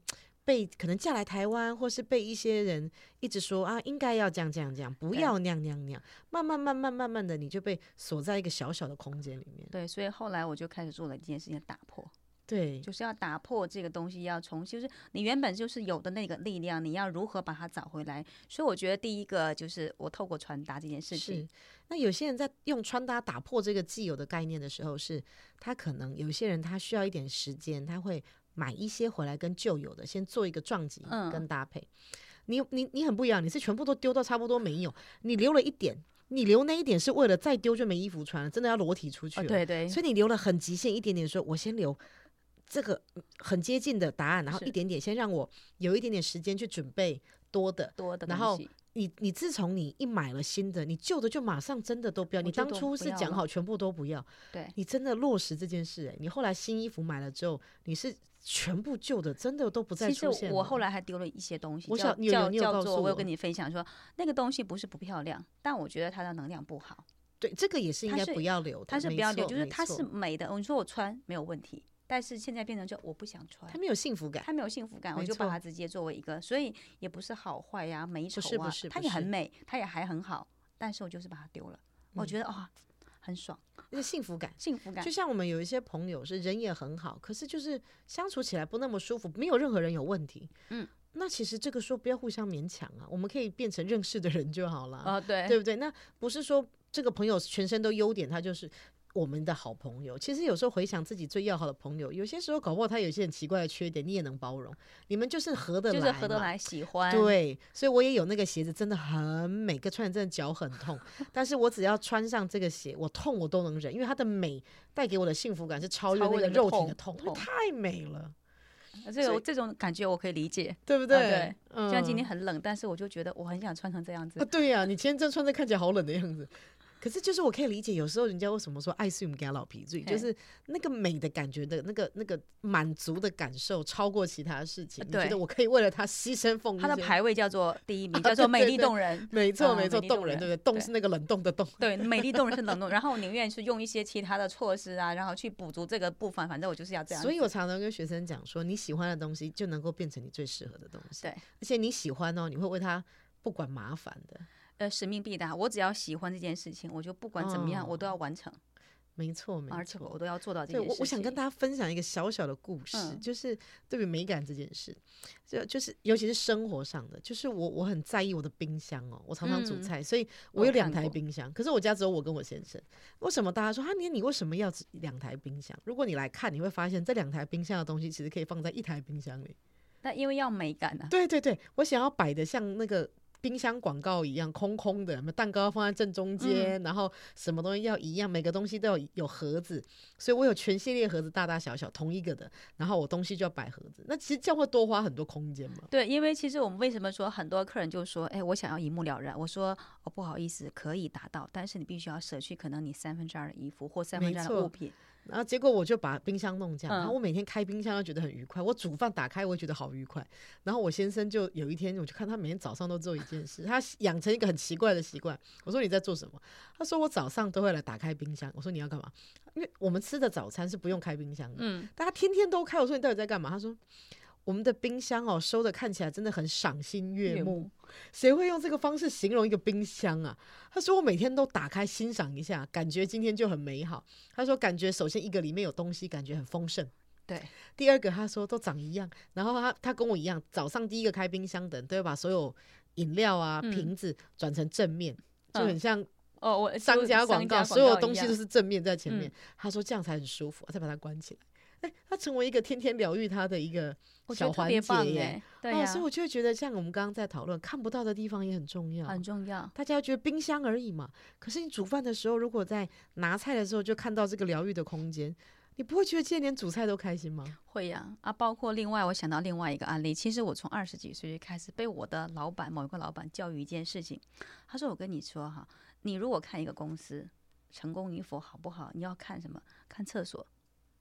被可能嫁來臺灣，或是被一些人一直說啊，應該要這樣這樣這樣，不要那樣那樣那樣，慢慢慢慢慢慢的，你就被鎖在一個小小的空間裡面。對，所以後來我就開始做了一件事情，打破。對，就是要打破這個東西要，要重新就是你原本就是有的那個力量，你要如何把它找回來？所以我覺得第一個就是我透過穿搭這件事情。那有些人在用穿搭打破這個既有的概念的時候是，是他可能有些人他需要一點時間，他會。買一些回來跟舊有的先做一個撞擊跟搭配，嗯、你你你很不一樣，你是全部都丟到差不多沒有，你留了一點，你留那一點是為了再丟就沒衣服穿了，真的要裸體出去了，哦、對，對對，所以你留了很極限一點點說，說我先留這個很接近的答案，然後一點點先讓我有一點點時間去準備多的多的，然後。你你自從你一買了新的，你舊的就馬上真的都不要。你當初是講好全部都不要，都不要。對。你真的落實這件事。欸、你後來新衣服買了之後，你是全部舊的，真的都不再出現。其實我後來還丟了一些東西，叫我想你有叫，你有叫做，有我有跟你分享說，那個東西不是不漂亮，但我覺得它的能量不好。對，這個也是應該不要留的它。它是不要留，就是它是美的。你說我穿沒有問題。但是現在變成就我不想穿，他沒有幸福感，他沒有幸福感，我就把它直接作為一個，所以也不是好壞呀、美醜啊，沒，啊不是不是不是，他也很美，他也還很好，但是我就是把它丟了，嗯，我覺得啊、哦，很爽，幸福感，啊，幸福感，就像我們有一些朋友是人也很好，可是就是相處起來不那麼舒服，沒有任何人有問題，嗯，那其實這個說不要互相勉強啊，我們可以變成認識的人就好了啊，哦，對，對不對？那不是說這個朋友全身都優點，他就是。我們的好朋友，其實有時候回想自己最要好的朋友，有些時候搞不好他有些很奇怪的缺點，你也能包容。你們就是合得來，就是、合得來，喜歡，對。所以我也有那個鞋子，真的很美，個穿着真的腳很痛。 但是我只要穿上這個鞋，我痛我都能忍，因為它的美帶給我的幸福感是超越那個肉體的痛。痛。太美了，這個我這種感覺我可以理解，對不對？啊，對。嗯。雖然今天很冷，但是我就覺得我很想穿成這樣子。啊，對呀，啊，你今天這穿着看起來好冷的樣子。可是，就是我可以理解，有時候人家為什麼說「愛水不驚流鼻水」，就是那個美的感覺的那個那個滿足的感受，超過其他事情。對，我覺得我可以為了他犧牲奉獻。他的排位叫做第一名，叫做美麗動人。沒、啊、錯，沒錯、哦，動人，對不對？動是那個冷凍的凍。對，美麗動人是冷凍。 然後我寧願是用一些其他的措施啊，然後去補足這個部分。反正我就是要這樣。所以我常常跟學生講說，你喜歡的東西就能夠變成你最適合的東西。對，而且你喜歡哦，你會為他不管麻煩的。呃，使命必達。我只要喜歡這件事情，我就不管怎麼樣、哦，我都要完成。沒錯，沒錯，而且我都要做到這些。我我想跟大家分享一個小小的故事，嗯、就是對比美感這件事。就就是，尤其是生活上的，就是我我很在意我的冰箱哦。我常常煮菜，嗯、所以我有兩台冰箱。可是我家只有我跟我先生。為什麼大家說他、啊、你你為什麼要兩台冰箱？如果你來看，你會發現這兩台冰箱的東西其實可以放在一台冰箱裡。那因為要美感啊。對對對，我想要擺得像那個。冰箱廣告一樣空空的，蛋糕放在正中間，嗯，然後什麼東西要一樣，每個東西都要有，有盒子，所以我有全系列盒子，大大小小同一個的，然後我東西就要擺盒子，那其實這樣會多花很多空間嘛。對，因為其實我們為什麼說很多客人就說，哎，我想要一目了然，我說，哦，不好意思，可以達到，但是你必須要舍去可能你三分之二的衣服或三分之二的物品。然後結果我就把冰箱弄這樣，然後我每天開冰箱，都覺得很愉快。我煮飯打開，我也覺得好愉快。然後我先生就有一天，我就看他每天早上都做一件事，他養成一個很奇怪的習慣。我說你在做什麼？他說我早上都會來打開冰箱。我說你要幹嘛？因為我們吃的早餐是不用開冰箱的。嗯，但他天天都開。我說你到底在幹嘛？他說。我們的冰箱哦，收的看起來真的很賞心悅目。誰會用這個方式形容一個冰箱啊？他說我每天都打開欣賞一下，感覺今天就很美好。他說感覺首先一個裡面有東西，感覺很豐盛。對，第二個他說都長一樣。然後他他跟我一樣，早上第一個開冰箱的人都要把所有飲料啊、嗯、瓶子轉成正面，嗯、就很像哦，我商家廣告，所有東西都是正面在前面，嗯。他說這樣才很舒服，再把它關起來。哎，它成為一個天天療癒它的一個小環節耶，耶，對啊，哦，所以我就覺得像我們剛剛在討論，看不到的地方也很重要，很重要。大家覺得冰箱而已嘛，可是你煮飯的時候，如果在拿菜的時候就看到這個療癒的空間，你不會覺得今天連煮菜都開心嗎？會呀。啊，包括另外我想到另外一個案例，其實我從二十幾歲就開始被我的老闆某一個老闆教育一件事情，他說：“我跟你說哈，你如果看一個公司成功與否好不好，你要看什麼？看廁所。”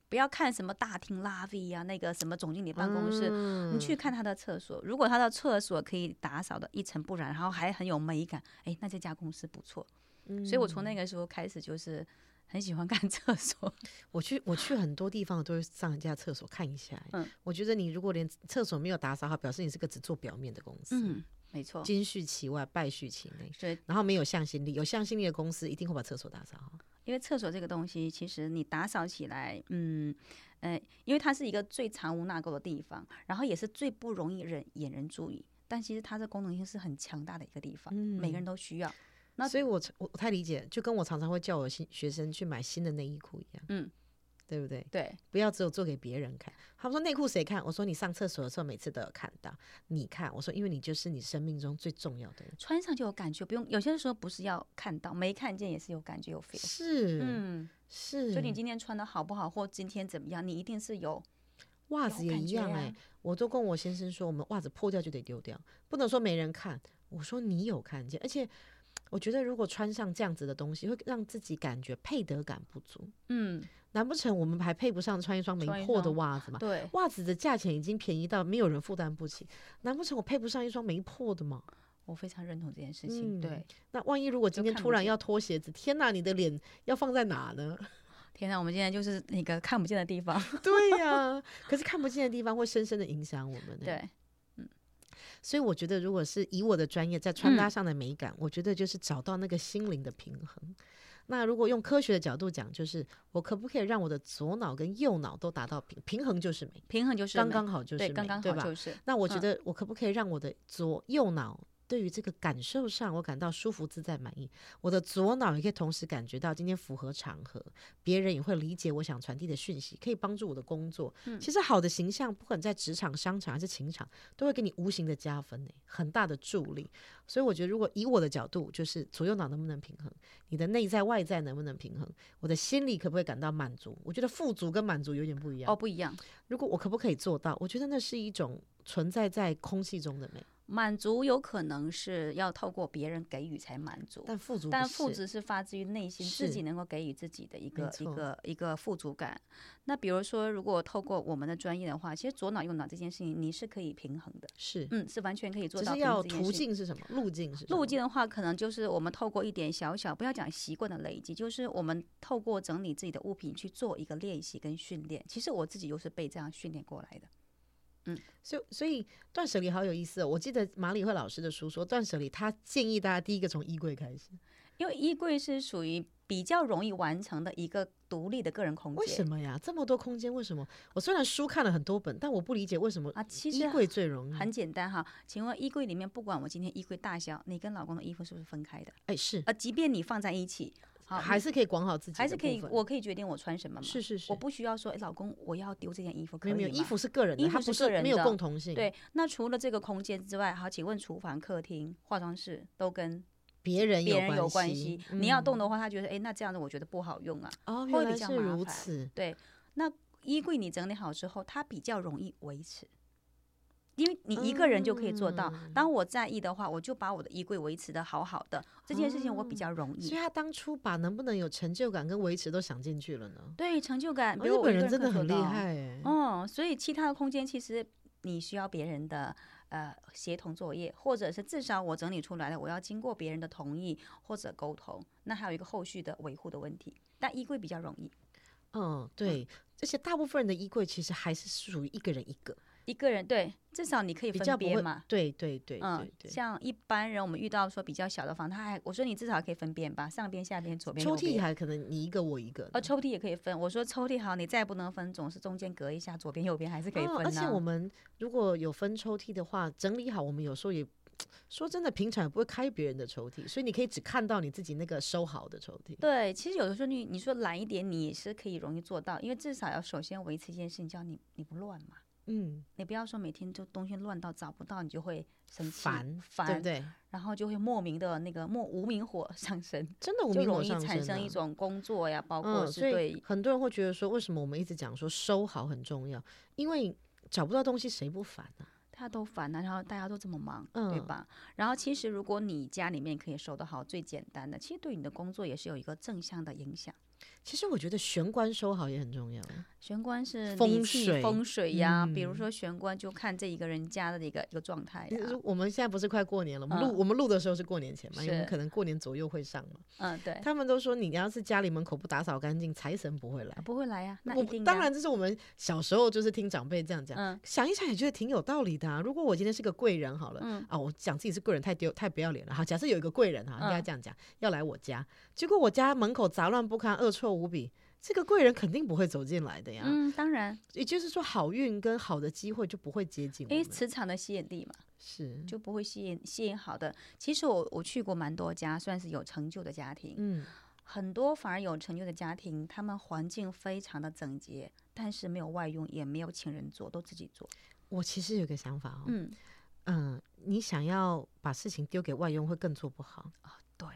不要看什麼大廳拉菲呀，那個什麼總經理辦公室，嗯，你去看他的廁所。如果他的廁所可以打掃得一塵不染，然後還很有美感，哎、欸，那這家公司不錯。所以我從那個時候開始就是很喜歡看廁所。嗯、 我去我去很多地方都是上人家廁所看一下、欸。嗯，我覺得你如果連廁所沒有打掃好，表示你是個只做表面的公司。嗯，沒錯，金絮其外敗絮其內。對，然後沒有向心力，有向心力的公司一定會把廁所打掃好。因為廁所這個東西，其實你打掃起來，嗯，呃，因為它是一個最藏污納垢的地方，然後也是最不容易人引人注意，但其實它這功能性是很強大的一個地方，嗯，每個人都需要。那所以我我太理解，就跟我常常會叫我新學生去買新的內衣褲一樣，嗯。對不對？對，不要只有做給別人看。他們說內褲誰看？我說你上廁所的時候每次都有看到。你看，我說因為你就是你生命中最重要的人。穿上就有感覺，不用有些時候不是要看到，沒看見也是有感覺有 feel。是，嗯，是。就你今天穿得好不好，或今天怎麼樣，你一定是有。襪子也一樣哎、欸啊，我都跟我先生說，我們襪子破掉就得丟掉，不能說沒人看。我說你有看見，而且我覺得如果穿上這樣子的東西，會讓自己感覺配得感不足。嗯。難不成我們還配不上穿一雙沒破的襪子嗎？對，襪子的價錢已經便宜到沒有人負擔不起。難不成我配不上一雙沒破的嗎？我非常認同這件事情。嗯、對，那萬一如果今天突然要脫鞋子，天哪，你的臉要放在哪呢？天哪，我們現在就是那個看不見的地方。 對呀、啊，可是看不見的地方會深深的影響我們。對，嗯，所以我覺得，如果是以我的專業在穿搭上的美感，嗯、我覺得就是找到那個心靈的平衡。那如果用科學的角度講，就是我可不可以讓我的左腦跟右腦都達到平衡，就是美，平衡就是剛剛好，就是，剛剛好就是對，剛剛好，就是、嗯。那我覺得我可不可以讓我的左右腦？對於這個感受上，我感到舒服、自在、滿意。我的左腦也可以同時感覺到今天符合場合，別人也會理解我想傳遞的訊息，可以幫助我的工作。其實好的形象，不管在職場、商場還是情場，都會給你無形的加分呢、欸，很大的助力。所以我覺得，如果以我的角度，就是左右腦能不能平衡，你的內在、外在能不能平衡，我的心裡可不可以感到滿足？我覺得富足跟滿足有點不一樣哦，不一樣。如果我可不可以做到？我覺得那是一種存在在空氣中的美。滿足有可能是要透過別人給予才滿足，但富足是，但富足是發自於內心，自己能夠給予自己的一個一個一個富足感。那比如說，如果透過我們的專業的話，其實左腦右腦這件事情，你是可以平衡的。是，嗯，是完全可以做到。只是要途徑是，是什麼？路徑是什麼？路徑的話，可能就是我們透過一點小小，不要講習慣的累積，就是我們透過整理自己的物品去做一個練習跟訓練。其實我自己又是被這樣訓練過來的。嗯，所以所以斷捨離好有意思哦。我記得馬里慧老師的書說，斷捨離他建議大家第一個從衣櫃開始，因為衣櫃是屬於比較容易完成的一個獨立的個人空間。為什麼呀？這麼多空間，為什麼？我雖然書看了很多本，但我不理解為什麼啊？其實衣櫃最容易，啊啊，很簡單哈，啊。請問衣櫃裡面，不管我今天衣櫃大小，你跟老公的衣服是不是分開的？哎，是。啊，即便你放在一起。好還是可以管好自己的，還是可以，我可以決定我穿什麼嘛。是是是，我不需要說，哎、欸，老公，我要丟這件衣服，沒有，沒有，衣服是個人的，衣服是個人的，是沒有共同性。對，那除了這個空間之外，好，請問廚房、客廳、化妝室都跟別人、有關係，有關係、嗯。你要動的話，他覺得，哎、欸，那這樣子我覺得不好用啊。哦，會比較麻煩。原來是如此。對，那衣櫃你整理好之後，它比較容易維持。因為你一個人就可以做到、嗯。當我在意的話，我就把我的衣櫃維持得好好的，這件事情我比較容易、哦。所以他當初把能不能有成就感跟維持都想進去了呢？對，成就感，哦、日本人真的很厲害。哦，所以其他的空間其實你需要別人的呃協同作業，或者是至少我整理出來了，我要經過別人的同意或者溝通。那還有一個後續的維護的問題，但衣櫃比較容易。嗯、哦，對，這些大部分人的衣櫃其實還是屬於一個人一個。一個人對，至少你可以分辨嘛。對對對，對，嗯，像一般人，我們遇到說比較小的房，他還我說，你至少可以分辨吧，上邊下邊左邊右邊。抽屜還可能你一個我一個、哦，抽屜也可以分。我說抽屜好，你再不能分，總是中間隔一下，左邊右邊還是可以分、啊哦。而且我們如果有分抽屜的話，整理好，我們有時候也說真的，平常也不會開別人的抽屜，所以你可以只看到你自己那個收好的抽屜。對，其實有的時候你你說懶一點，你是可以容易做到，因為至少要首先維持一件事情，你叫你你不亂嘛。嗯，你不要說每天就東西亂到找不到，你就會生氣，煩，煩。對不對？然後就會莫名的那個莫無名火上身，真的無名火上身、啊、就容易產生一種工作呀，嗯、包括是對、嗯、很多人會覺得說，為什麼我們一直講說收好很重要？因為找不到東西誰不煩呢、啊？大家都煩、啊、然後大家都這麼忙、嗯，對吧？然後其實如果你家裡面可以收得好，最簡單的，其實對你的工作也是有一個正向的影響。其實我覺得玄關收好也很重要、啊。玄關是風水、啊、風水呀、嗯，比如說玄關就看這一個人家的一個、嗯、一個狀態、啊嗯。我們現在不是快過年了，我們錄我們錄、嗯、的時候是過年前嘛？我們可能過年左右會上嘛。嗯，對，他們都說你要是家裡門口不打掃乾淨，財神不會來。啊、不會來呀、啊，我當然這是我們小時候就是聽長輩這樣講、嗯，想一想也覺得挺有道理的、啊。如果我今天是個貴人好了，嗯、啊，我講自己是貴人太丟太不要臉了哈。假設有一個貴人哈，應該這樣講、嗯、要來我家，結果我家門口雜亂不堪，惡臭。無比，這個貴人肯定不會走進來的呀。嗯，當然，也就是說，好運跟好的機會就不會接近。因為磁場的吸引力嘛，是就不會吸引吸引好的。其實我我去過蠻多家，算是有成就的家庭。嗯，很多反而有成就的家庭，他們環境非常的整潔，但是沒有外傭，也沒有請人做，都自己做。我其實有個想法哦，嗯嗯、呃，你想要把事情丟給外傭，會更做不好啊、哦？對。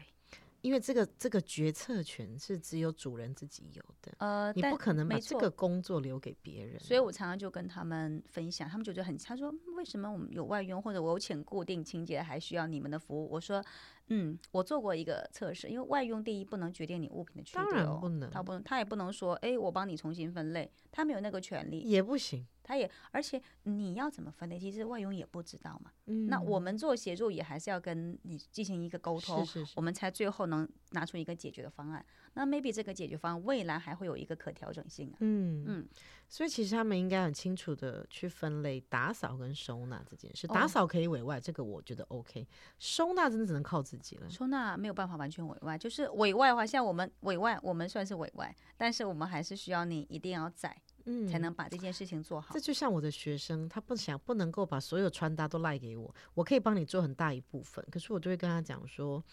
因為這個這個決策權是只有主人自己有的，呃，你不可能把這個工作留給別人。所以我常常就跟他們分享，他們就覺得很，他說為什麼我們有外傭或者我有請固定清潔還需要你們的服務？我說，嗯，我做過一個測試，因為外傭第一不能決定你物品的去留，哦，不能，他也不能說，誒、哎，我幫你重新分類，他沒有那個權利，也不行。他也，而且你要怎麼分類？其實外傭也不知道嘛。嗯。那我們做協助也還是要跟你進行一個溝通，是是是，我們才最後能拿出一個解決的方案。那 maybe 這個解決方案未來還會有一個可調整性啊。嗯嗯。所以其實他們應該很清楚的去分類打掃跟收納這件事。打掃可以委外，哦，這個我覺得 OK。收納真的只能靠自己了。收納沒有辦法完全委外，就是委外的話，像我們委外，我們算是委外，但是我們還是需要你一定要在。嗯，才能把這件事情做好。嗯。這就像我的學生，他不想不能夠把所有穿搭都賴給我，我可以幫你做很大一部分。可是我就會跟他講說，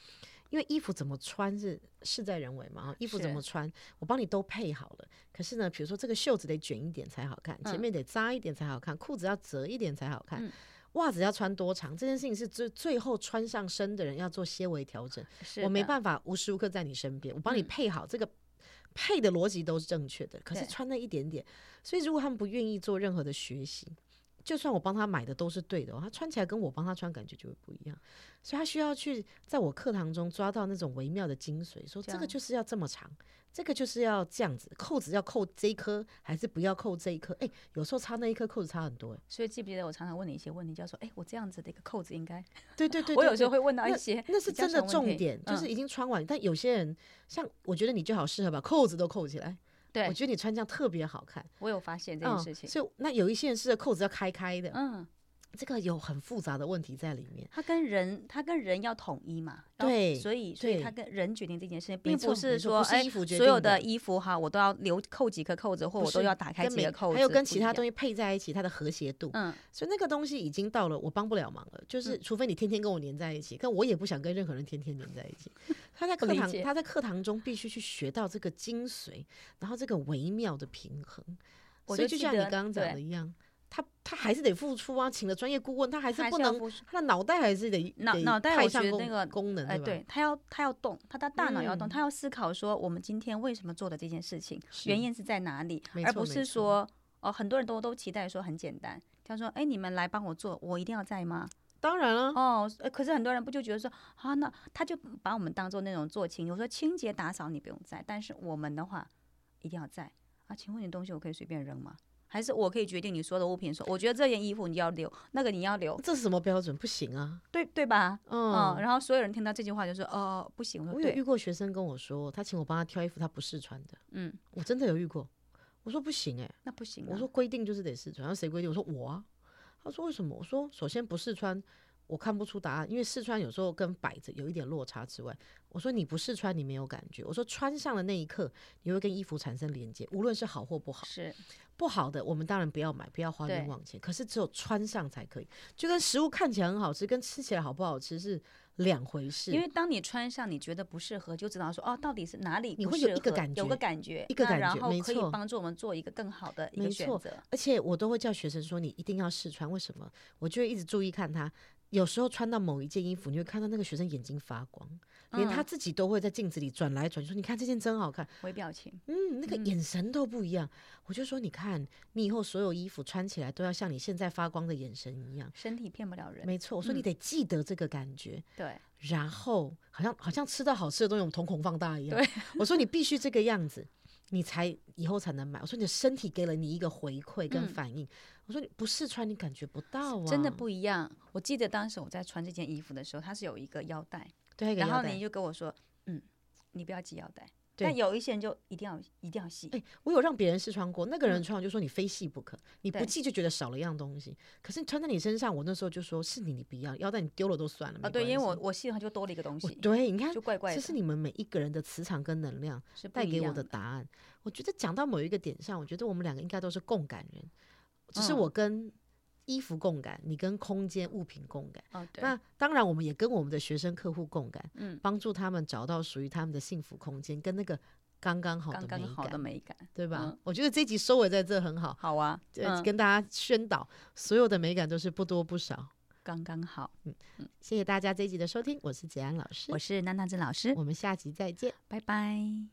因為衣服怎麼穿是事在人為嘛，哦、衣服怎麼穿，我幫你都配好了。可是呢，比如說這個袖子得捲一點才好看，嗯，前面得扎一點才好看，褲子要折一點才好看，襪、嗯、子要穿多長，這件事情是最最後穿上身的人要做些微調整是。我沒辦法無時無刻在你身邊，我幫你配好，嗯、這個。配的邏輯都是正確的，可是穿了一點點，所以如果他們不願意做任何的學習。就算我幫他買的都是對的、哦，他穿起來跟我幫他穿感覺就會不一樣，所以他需要去在我課堂中抓到那種微妙的精髓，說這個就是要這麼長，這個就是要這樣子，釦子要扣這一顆還是不要扣這一顆？誒、欸，有時候差那一顆釦子差很多、欸。所以記不記得我常常問你一些問題，叫說誒、欸，我這樣子的一個釦子應該……對對對，我有時候會問到一些， 到一些那，那是真的重點，就是已經穿完，但有些人像我覺得你就好適合把釦子都扣起來。對，我覺得你穿這樣特別好看。我有發現這件事情，哦、所以那有一些人是扣子要開開的。嗯。這個有很複雜的問題在裡面。他跟人，他跟人要統一嘛。對，所以所以他跟人決定這件事情，並不是說不是衣服決定的，哎，所有的衣服哈，我都要留扣幾顆扣子，或我都要打開幾顆扣子跟沒還有跟其他東西配在一起，它的和諧度。嗯。所以那個東西已經到了，我幫不了忙了。就是除非你天天跟我粘在一起，嗯，但我也不想跟任何人天天粘在一起。他在課堂，他在課堂中必須去學到這個精髓，然後這個微妙的平衡。我所以就像你剛剛講的一樣。他他還是得付出啊，請了專業顧問，他還是不能，他的腦袋還是得腦腦袋，我覺得那個功能，哎、呃，對，他要他要動，他的大腦要動、嗯，他要思考說我們今天為什麼做的這件事情，原因是在哪裡，嗯、而不是說哦、呃，很多人都都期待說很簡單，他說哎，你們來幫我做，我一定要在嗎？當然了、啊，哦，可是很多人不就覺得說啊，那他就把我們當做那種做清潔，我說清潔打掃你不用在，但是我們的話一定要在啊，請問你東西我可以隨便扔嗎？還是，我可以決定你所有的物品說，說我覺得這件衣服你要留，那個你要留，這是什麼標準？不行啊，對對吧，嗯？嗯，然後所有人聽到這句話就說哦、呃，不行，我，我有遇過學生跟我說，他請我幫他挑衣服，他不試穿的。嗯，我真的有遇過，我說不行誒、欸，那不行、啊。我說規定就是得試穿，然後誰規定？我說我啊。他說為什麼？我說首先不試穿。我看不出答案，因為試穿有時候跟擺着有一點落差之外。我說你不試穿你沒有感覺。我說穿上的那一刻，你會跟衣服產生連接，無論是好或不好。是不好的，我們當然不要買，不要花冤枉錢。可是只有穿上才可以。就跟食物看起來很好吃，跟吃起來好不好吃是兩回事。因為當你穿上，你覺得不適合，就知道說哦，到底是哪裡？你會有一個感覺，有個感覺，一個感覺，那然後可以幫助我們做一個更好的一個選擇。沒錯，而且我都會叫學生說，你一定要試穿，為什麼？我就會一直注意看他。有時候穿到某一件衣服，你會看到那個學生眼睛發光，連他自己都會在鏡子裡轉來轉去，說：“你看這件真好看。”微表情，嗯，那個眼神都不一樣。嗯、我就說：“你看，你以後所有衣服穿起來都要像你現在發光的眼神一樣。”身體騙不了人，沒錯。我說你得記得這個感覺，對、嗯。然後好像好像吃到好吃的東西，我們瞳孔放大一樣。對。 我說你必須這個樣子，你才以後才能買。我說你的身體給了你一個回饋跟反應。嗯我說你不試穿你感覺不到啊，真的不一樣。我記得當時我在穿這件衣服的時候，它是有一個腰帶，對，然後你就跟我說，嗯，你不要繫腰帶，但有一些人就一定要一定要繫、欸。我有讓別人試穿過，那個人穿就說你非繫不可，嗯，你不繫就覺得少了一樣東西。可是你穿在你身上，我那時候就說是你，你不要腰帶，你丟了都算了啊，對，因為我我繫的話就多了一個東西。對，你看，就怪怪的。這是你們每一個人的磁場跟能量帶給我的答案的。我覺得講到某一個點上，我覺得我們兩個應該都是共感人。只、就是我跟衣服共感，嗯、你跟空間物品共感。哦、那當然，我們也跟我們的學生客戶共感，嗯，幫助他們找到屬於他們的幸福空間，跟那個剛剛好的美感，剛剛美感對吧、嗯？我覺得這一集收尾在這很好。好、嗯、啊，跟大家宣導、嗯，所有的美感都是不多不少，剛剛好。嗯，剛剛謝謝大家這一集的收聽，我是捷安老師，我是娜娜子老師，我們下集再見，拜拜。